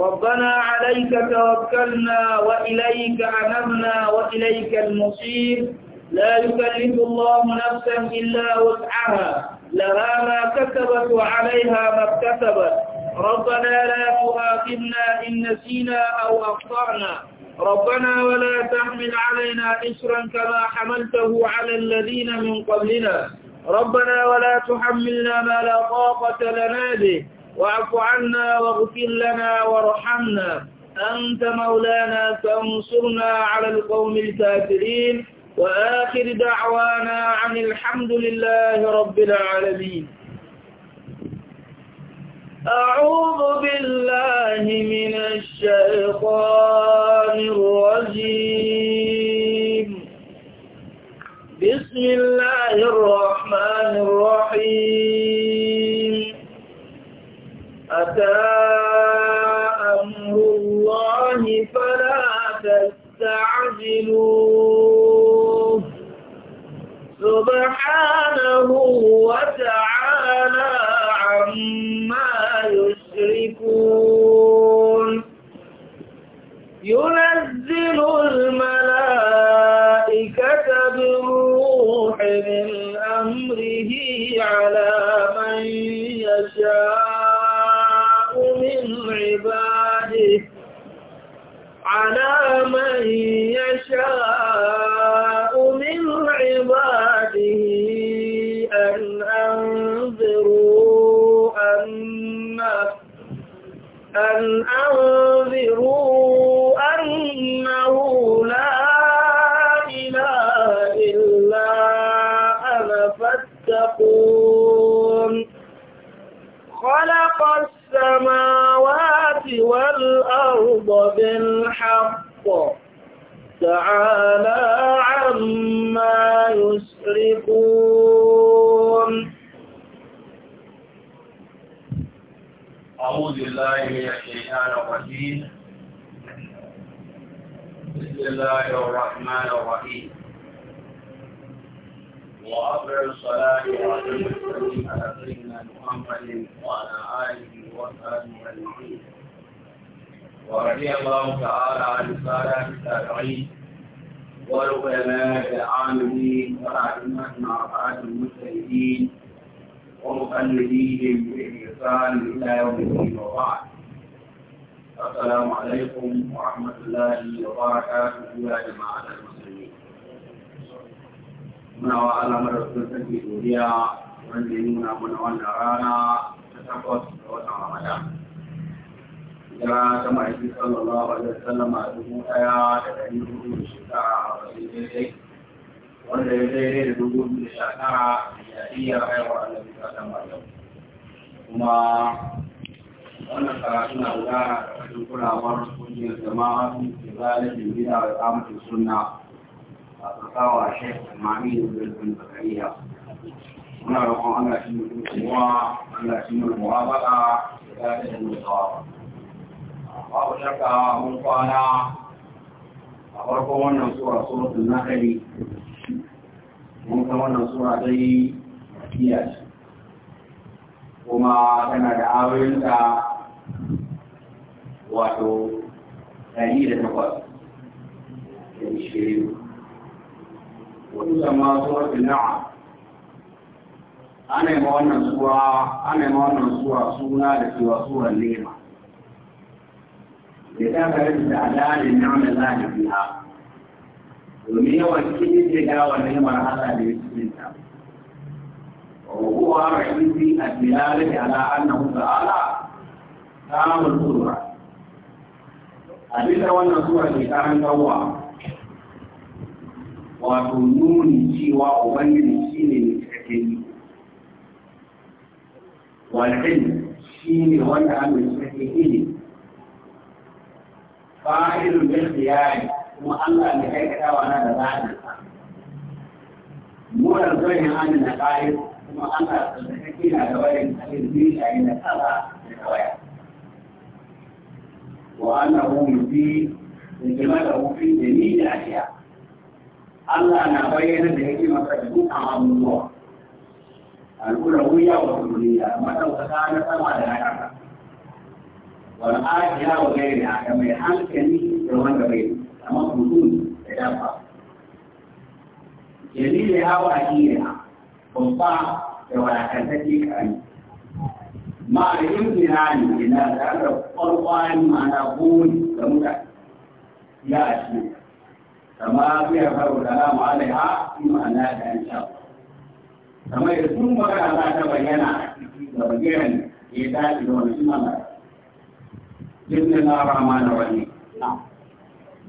ربنا عليك توكلنا وإليك أنبنا وإليك المصير لا يكلف الله نفسا إلا وسعها لها ما كسبت وعليها ما اكتسبت ربنا لا تؤاخذنا إن نسينا أو أخطأنا ربنا ولا تحمل علينا إسرا كما حملته على الذين من قبلنا ربنا ولا تحملنا ما لا طاقة لنا به واعف عنا واغفر لنا وارحمنا أنت مولانا فانصرنا على القوم الكافرين وآخر دعوانا عن الحمد لله رب العالمين أعوذ بالله من الشيطان الرجيم بسم الله الرحمن الرحيم أتى أمر الله فلا تستعجلوه سبحانه وتعالى أن أنذروا أنه لا إله إلا أنا فاتقون خلق السماوات والأرض بالحق تعالى بسم الله الرحمن الرحيم وأفضل الصلاة على سيدنا محمد وعلى آله وصحبه أجمعين ورضي الله تعالى عن السادة التابعين والعلماء العاملين وأئمة مع المجتهدين ومقلديهم بإحسان إلى يوم الدين وبعد السلام عليكم ورحمة الله وبركاته يا جماعة المسلمين. من وعلى مر السنة الدنيا من دينونا من وانا رانا تتقص وتعمل. جرى كما يقول صلى الله عليه وسلم على المؤيا تتعلمه من الشكرا وانا يزيري لدخول من الشكرا لأيها غير وعلى ذكرة مريم. wannan karatu na gudana a cikin kulawar kungiyar jama'a sun ke da gida da amince suna a tsakawa shek mami da zirgin zakariya muna roƙon allah shi ne kuma allah shi ne kuma baka da zalibin mutawa babu shakka mun kwana a farkon wannan sura suratul nakali mun ga wannan sura dai makiya ce kuma tana da ayoyinta wato ɗari da takwas da ishirin wani zama suwar na'a ana yi wannan suwa ana yi wannan suwa suna da cewa suwar nema da ta kare da adalin na'amin zaɗi biya domin yawan kini ce ga wannan yamar hada da ya cikin ta وهو رئيسي الدلالة على أنه تعالى كامل قدرة abinda wannan sura ke karantarwa wato nuni cewa ubangiji shi ne mai cikakken walhin shi ne wanda an mai cikakken ilimi fa'ilun bil khiyari kuma Allah ne aikatawa na da zaɓin sa murar zoyin an na ƙa'ir kuma Allah tsarkake na da wayan alil bin shayi da kaza da kawaya وأنه يفيد اجماله في جميع الأشياء الله أنا بين ما تكون أمام الله الأولوية والأولوية متى وكان سمع لها والآتية وغيرها كما يحال كني يوم بين أما بدون تدافع جميلها وأكيدها قصة ولا كنتك أنت mà gì ma a yin zinani ina tare da kwalwani mana buni da mutane ya shi kama biya faru da lamu mà để ma'ana da an sha kama ya sun magana za ta bayyana da bayyana ya dace da wani suna mara بسم الله الرحمن الرحيم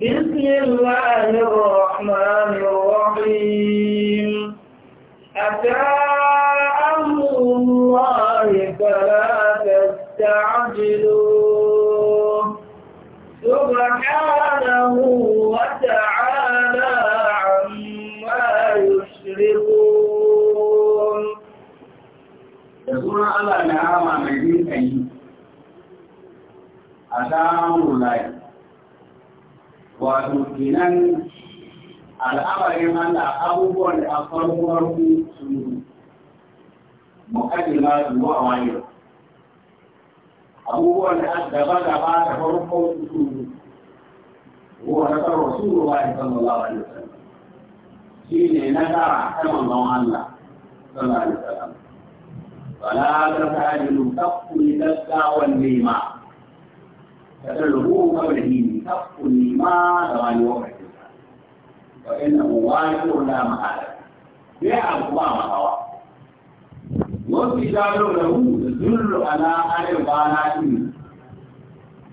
بسم الله الرحمن الرحيم أتى samun layi wato kinan al'amarin Allah abubuwan da a farkowar ku sun mukaddima zuwa wani abubuwan da a gaba gaba da farko su wa na tsaro su ruwa da sallallahu alaihi wasallam shi ne na tara ta manzon Allah sallallahu alaihi wasallam wala ta ta'jilu taqul tasawwan nima تدله قبله بكف لما زمان وقت فإنه واجب لا محالة بيع الله محوى وانتشار له يدل على أرباناته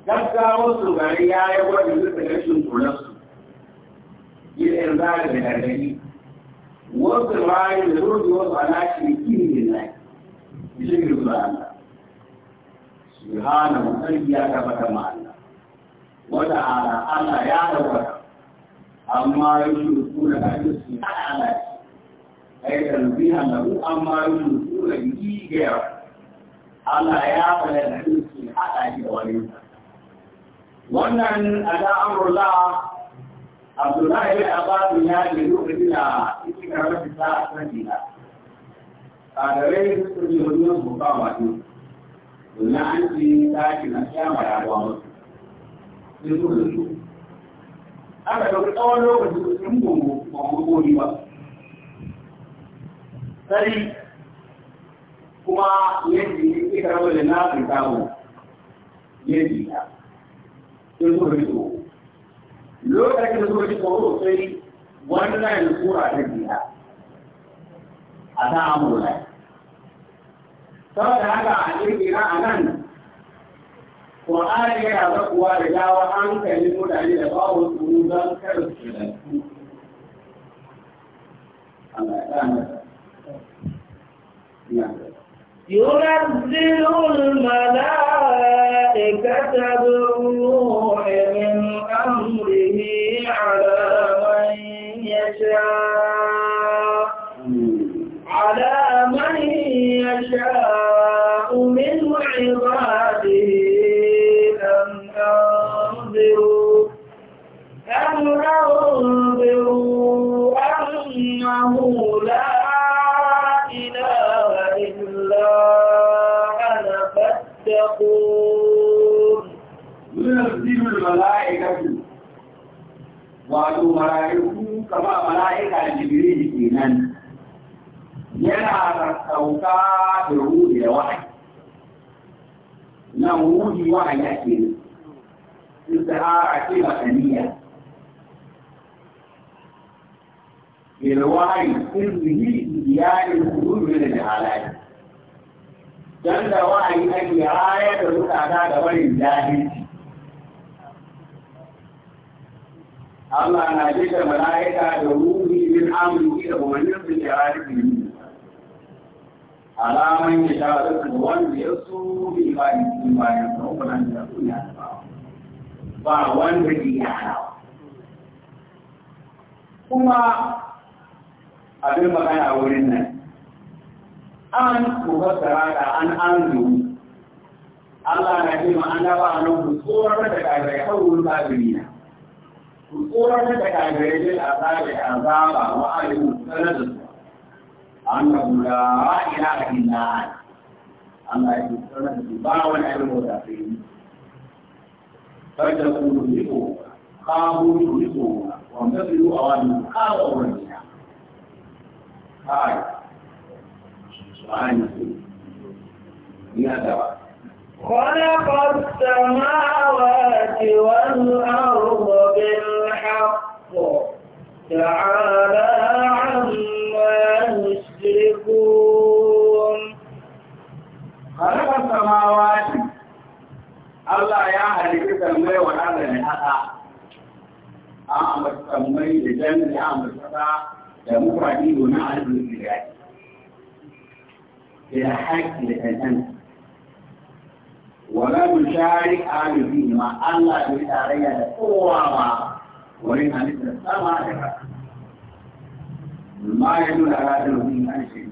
gaggawarsu gari ya yi wani duka rashin kulansu yin irzari da gargadi wasu rayu da rudu wasu alaƙi da kiri da zai shirin zuwa subhanahu ya tabbata ma Allah wata ala Allah ya tabbata amma yushriku da kaji su ala ai tanbiha lahu amma yushriku da yi ga Allah ya fara da su hada shi da wani wannan ala amrullah Abdullahi bin Abbas ya ce lokacin da yake karɓar fita a kan dina. Kadarai su ne wani wasu ba wato. domin an ce ɗakin na kyama ya ruwa musu sai da su aka ɗauki tsawon lokaci sun gungu ba ba kuma yadda ya ke da na samu yadda ya da lokacin da suka ji tsoro sai wani na yanzu kura ta a ta saboda haka a kirkira a nan ƙwa'ani yana zakuwa da jawo hankalin mutane da babu tsoro don kar su lantu ينزل الملائكة بالروح من أمره على من يشاء تتقون ينزل الملائكة wato mala'iku kama mala'ika jibril kenan yana sauka da ruhi da wahayi nan ruhi wahayi ake ne istihara ce makaniya bil wahayi irzihi biyanin ruhi da jahalai don da wa'ayi ake raya da zukata da barin jahilci. Allah na ji mala'ika da ruhi min amurki da umarnin su ke rari fili. Alaman ya sha wasu da wanda ya so bi ibadi cikin bayan sa ukunan da su ya ba wanda ke yara. Kuma abin magana wurin nan an mufassara da an anzu Allah na ce ma annaba na ku tsorar da kafirai hawul kafirina ku tsorar da kafirai bil azabi azaba wa alimu sanadu annahu la ilaha illa anta Allah ya tsorar da ba wani alimu da kai فإذا كنوا يقوم قاموا يقوم وامتثلوا أوامر قاموا أوامر هاي خلق السماوات والأرض بالحق تعالى عما يشركون خلق السماوات الله يا هلك سمي وهذا الحق أعمل سمي لجنة أعمل سمي لمفردين ونعلم الإلهي إلى حاكم الأنس وما يشارك على دين ما الله يريد عليها القوة ولما مثل السماء ما يدل على هذا الدين عن شيء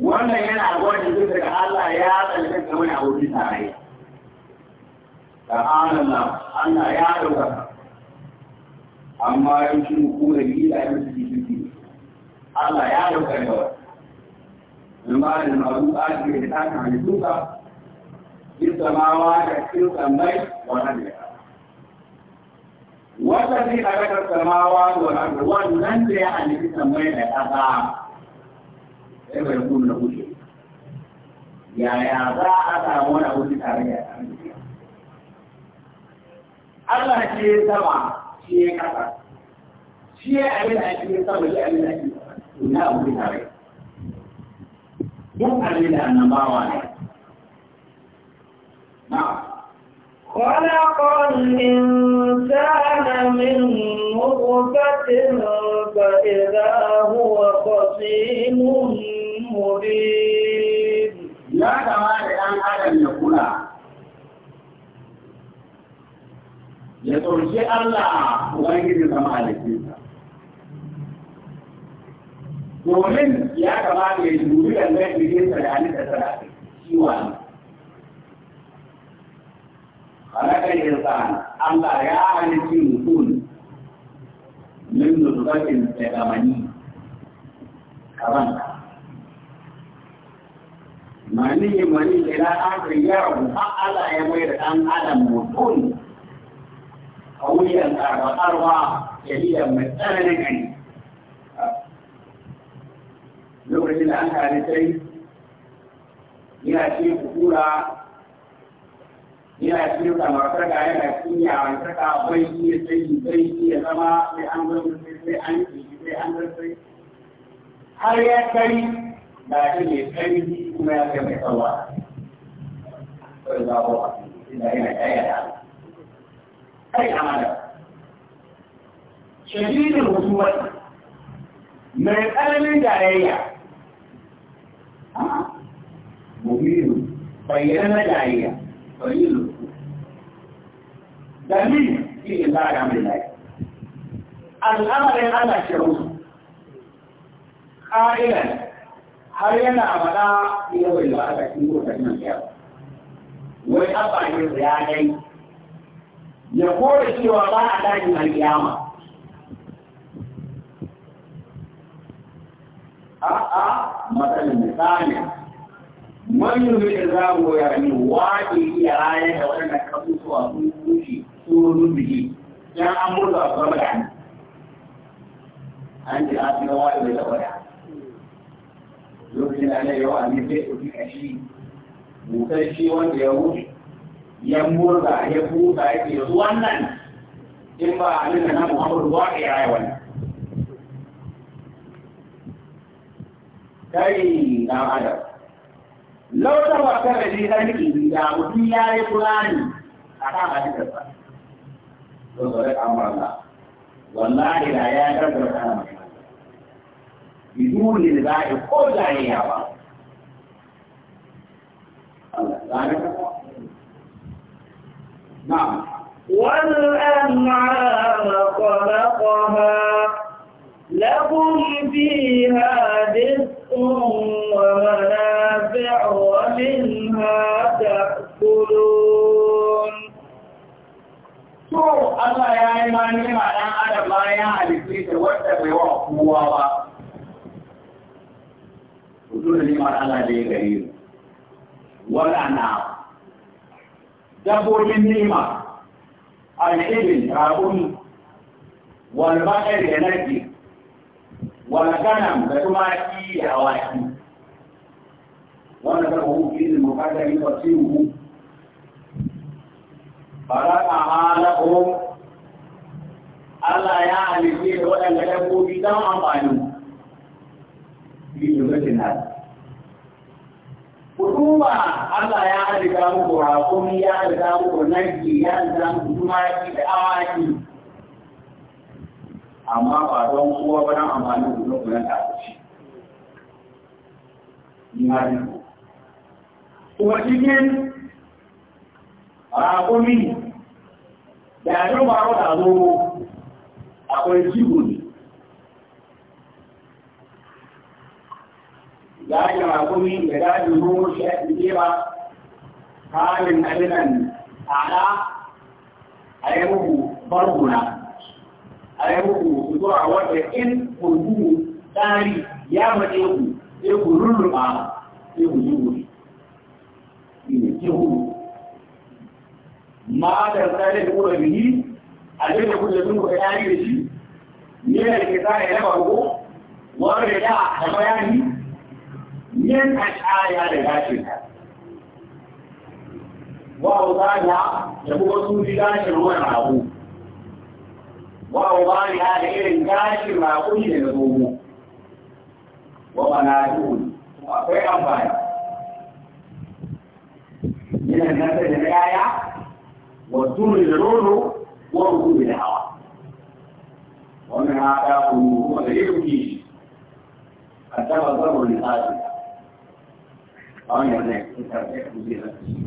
وانا هنا اقول لك الله يا اللي كنت وين اقول لك عليها تعالى الله أن يا أما يمكن يكون لي لا يمكن يمكن الله يعلم كيف المال المعروفات في الحاج عن السوق في السماوات السوق الميت والأرض والذي خلق السماوات والأرض ولن يعني في السماء الأرض كيف يكون له شيء يا يا ذا أتى وله شيء Allah ke sama shi ya kasa shi ya abin da ake sama shi abin da ake na abu da tare خلق الإنسان من مغفة فإذا هو خصيم مبين يا جماعة أن أدم يقول يقول شيء الله ويجب كما عليك domin ya kamata ya dubi da zai jirgin sa da hannun da sana ciwa ne. Halakar insan Allah ya halitti mutum min nutfatin da gamani kaban mani mani ila akhirin ya rabu har Allah ya mai da ɗan adam mutum a wuyan karɓar ya iya mai tsananin gani lokacin da an kare sai yana cikin kukura yana cikin samartaka yana cikin yawantaka bai iya sai bai iya zama sai an zama sai an ciki sai an zama har ya kai da shi ne kai kuma ya kai mai tsawa kai za ko inda yana kaya da kai amana shadidin hukumar mai tsananin jayayya مبين بيان جارية قليل دليل في إنذار أمر الله الأمر على شروط قائلا هل ينا أمدا يوم الوقت يوم الوقت wai abajin ya dai ya kore cewa ba a dajin alkiyama a'a matsalin misali man yi da za mu ya ne waƙe iya rayar da waɗannan kasusuwa sun kushe sun biki yan an murza su zama da hannu an ji a cikin waƙe bai taɓa da lokacin da ana yawa a ne sai ɗauki kashi busar shi wanda ya wuce ya murza ya busa ya ce wannan in ba a nuna na muhammadu waƙe ya rayar wannan sai dan adam lauta ba ta da ni harki da mutum ya yi kur'ani a kan hadikarsa to zai amurla wallahi da ya karbar kana mai biduni da ko zaniya ba نعم والأنعام خلقها لهم فيها رزق ومنافع ومنها تأكلون To, Allah ya yi ma nema ɗan adam bayan halittu da wadda bai wa kowa ba. Kudu da nema Allah da ya gare mu. Wala na dabbobin nema, al'ibin, rabun, walbaɗar da nake, والغنم بتماكي حواكي وانا هو في المقدر يفسره فرقها لهم Allah ya halice da waɗanda dabbobi don amfani fi jirgin nan. Hukuma Allah ya halitta muku rakumi, ya halitta muku nanki, ya halitta muku tumaki da awaki. amma ba don kowa ba don amfani da zuwa kunan da ake imani kuma cikin rakumi da yajen baro da zoro akwai jigo ne dajin rakumi da dajin zoro shi ake jeba halin adinan ala a yi muku barguna a yi muku ku zuwa wanda in kurkuku tsari ya mace ku sai ku rurruba sai ku yi wuri shi ne kihu ma da tsari da kuma bihi a duk da kuke sun kuka tsari da shi ne da ke tsari na farko wanda da da bayani yin ashariya da gashin ta wa da kuma sun fi gashin wani abu وأوضاعها لإذن كاشي ما قلت لهم ومنادون وأقوي أنفايا من الناس الرعاية والدور الرول وركوب الهواء ومن هذا قلوبهم غير كيش أتبع ضرب النقاش أنا هناك تتابع مدير الأسفل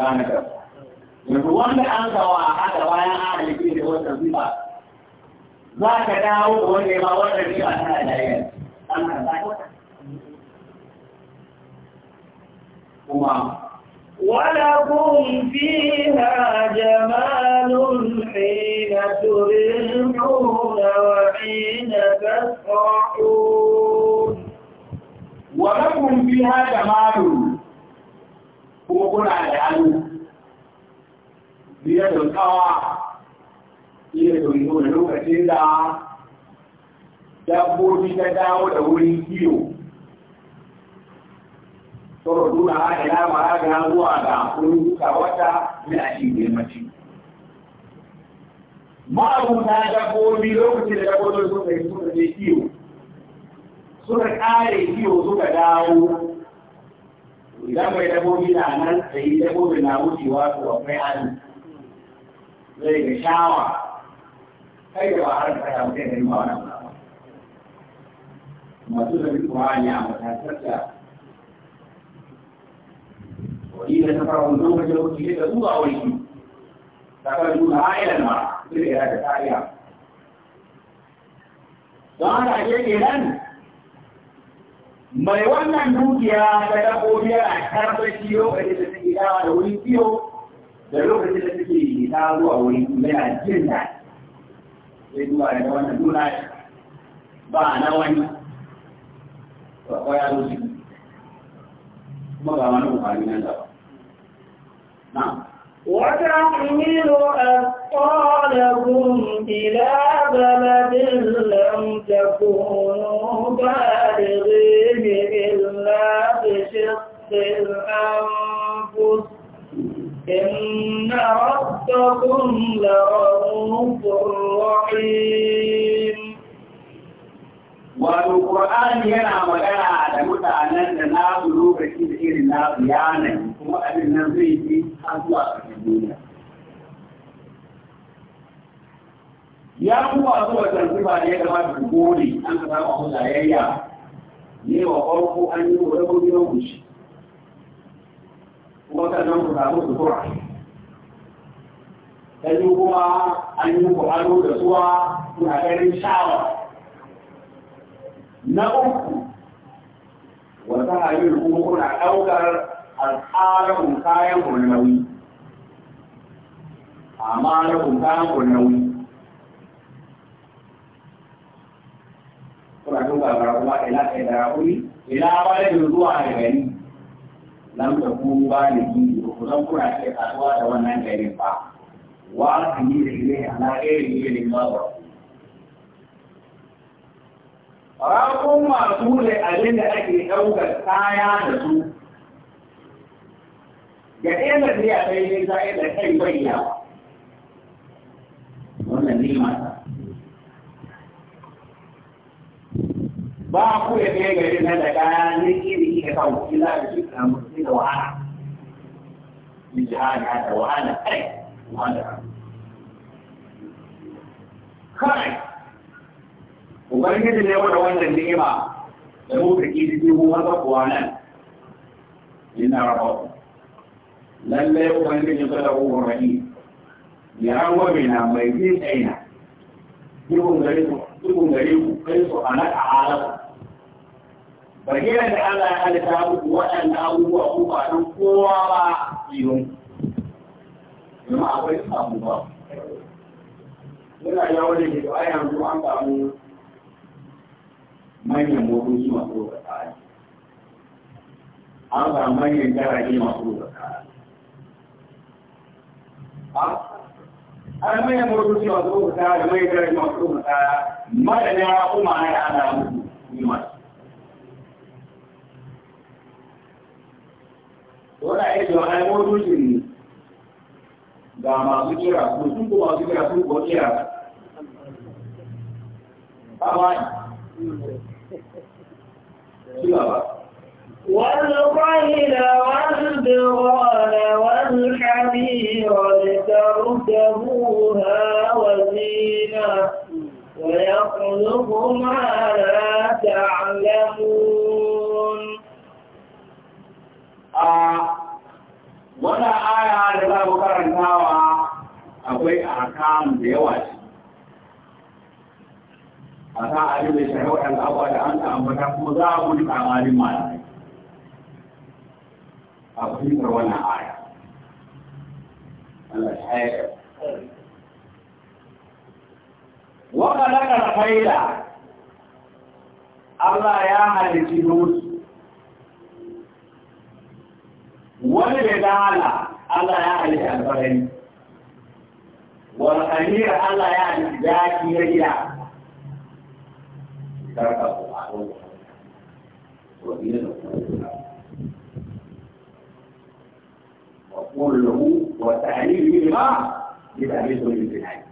أنا أنا أنا أنا أنا أنا za ka dawo ga ولكم فيها جمال حين تريحون وحين تسرحون ولكم فيها جمال وقل على العلم بيد القواعد shi ne domin da lokacin da dabbobi ta dawo da wurin kiyo saboda nuna ila mara ga zuwa ga wurin duka wata na ashin girmaci ma'abuta dabbobi lokacin da dabbobin suka yi suka je kiyo suka kare kiyo suka dawo idan mai dabbobi na nan sai dabbobin na wucewa su akwai hannu zai ga shawa 还有娃儿，他要天天保养了。我就是零八年，我才出的。我一年到头都没休息，这个多累。大概有哪一年嘛？最厉害是哪一年？当然，一年内，每晚的睡觉，大概半夜十二点以后，一直到凌晨一点，我睡觉。然后，从凌晨一点到凌晨两点，sai duba ya ga wannan nuna ba na wani ba kwa ya zo kuma ga wani buhari nan da ba na وتحمل أثقالكم إلى بلد لم تكونوا بالغيه إلا بشق الأنفس إن ربكم لرؤوف رحيم wato Qur'ani yana magana da mutanen da na irin na su kuma abin zai zuwa Ya kuma zuwa zanzibar ya an ka samu hulayenya ne wa farko an yi wa kuma sannan ku samu sutura sai kuma an yi ku ado da suwa kuna ganin shawa na uku wata hanyar kuma kuna ɗaukar al'adun kayan ku nauyi amma na kun kayan ku kuna duka bara kuma ila ɗaya da raƙuri ila ba da zuwa da gani lam da ku ba da yi ku zan kuna ke kasuwa da wannan garin ba wa aka yi da ilai ana irin ilin mawa rakun masu da abin da ake ɗaukar kaya da su da ɗaya da biya sai ne za a yi da kai bayyawa wannan ne mata ba ku da kai gari na da kaya ne kiri ka kawo kila da shi ka mutu da wahala ni jihadi da wahala kai wahala kai ubangiji ne wanda wannan ni'ima da mu da kiri ne mu wanda kuwa nan ina rabu lalle ubangiji ka da ruwan rahim ya rawa mai na mai jin aina Yau gari ku dukkan gare ku kai su a naka halar bayyana da ala ya halitta muku waɗanda abubuwa ku ba don kowa ba yiwu kuma akwai samu ba muna ya wani ke ba yanzu an samu manyan motoci masu roƙa kaya an samu manyan jirage masu roƙa kaya har mai mutu cewa zo ku ta da mai gari masu ku ta madana kuma ana da ana mutu nima wanda ya ce ai ga masu kira ko sun kira sun ba والخيل والبغال والحمير لتركبوها وزينة ويخلق ما لا تعلمون wannan aya da za mu karantawa akwai ahkam da yawa ce a kan abin da shari'a waɗanda abuwa da an ta ambata kuma za mu duka malin malamai a fahimtar wannan aya Allah ya haya wa khalaqa al-khayla Allah ya halici musu wani bai dala Allah ya halici alfarin wal khamira Allah ya halici zaki ya gida karka ko a wannan to ne da كله وتعليمه ما يبقى مثل من في الحياة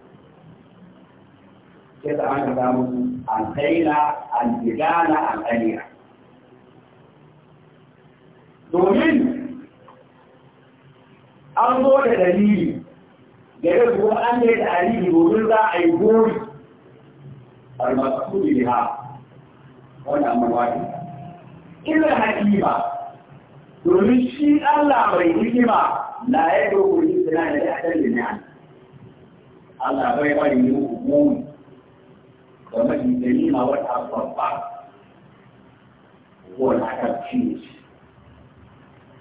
كده عن كلامه عن خيلة عن تجالة عن خليعة دومين أنظر لدليل جرب هو أن يتعليم بمرضى عيبور المقصود بها هنا نعم أمر إلا حكيمة دومين شيء الله بريد حكيمة لا يدرك الإنسان إلا أحسن النعم الله بي قال إنه أمون كما في جميع ما وقع الصفات هو الحكم شيء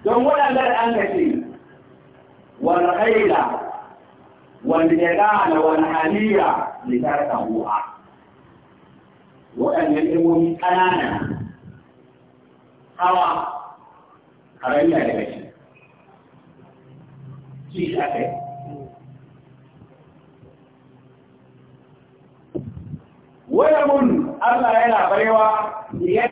ثم ولا بل أن شيء والخيل والنيران والحالية لتركه وأن يلموا من كنانا هوا خرجنا لبشر ci shi aka mun Allah yana baiwa